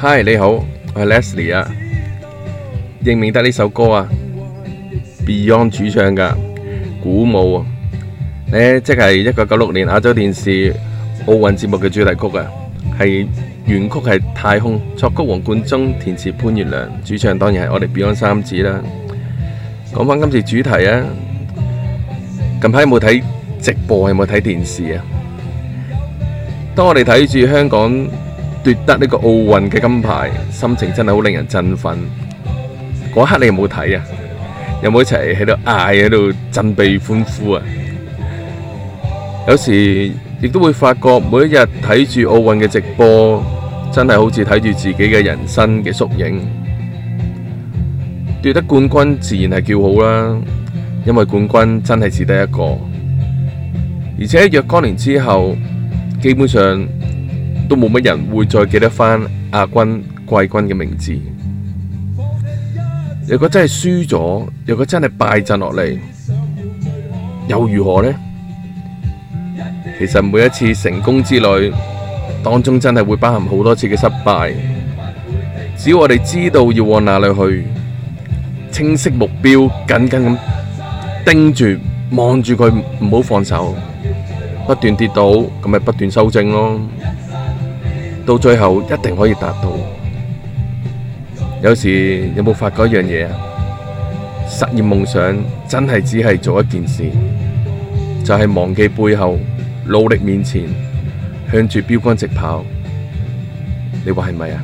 嗨，Hi, 你好，我係 Leslie 啊。認唔認得呢首歌啊？Beyond 主唱㗎《鼓舞》啊咧，即係一九九六年亞洲電視奧運節目嘅主題曲啊。係原曲係太空作曲黃貫中，填詞潘源良，主唱當然係我哋 Beyond 三子啦。講返今次主題啊，近排有冇睇直播？有冇睇電視啊？當我哋睇住香港。奪得呢個奧運嘅金牌，心情真係好令人振奮。嗰刻你有冇睇啊？有冇一齊喺度嗌，喺度振臂歡呼啊？有時亦都會發覺，每一日睇住奧運嘅直播，真係好似睇住自己嘅人生嘅縮影。奪得冠軍自然係叫好啦，因為冠軍真係只得一個，而且若干年之後，基本上。都冇乜人會再記得翻亞軍、季軍嘅名字。如果真係輸咗，如果真係敗陣落嚟，又如何呢？其實每一次成功之旅當中，真係會包含好多次嘅失敗。只要我哋知道要往哪裏去，清晰目標，緊緊咁盯住、望住佢，唔好放手，不斷跌倒，咁咪不斷修正咯。到最後一定可以達到。有時有冇發覺一樣嘢啊？實現夢想真係只係做一件事，就係、是、忘記背後，努力面前，向住標杆直跑。你話係咪啊？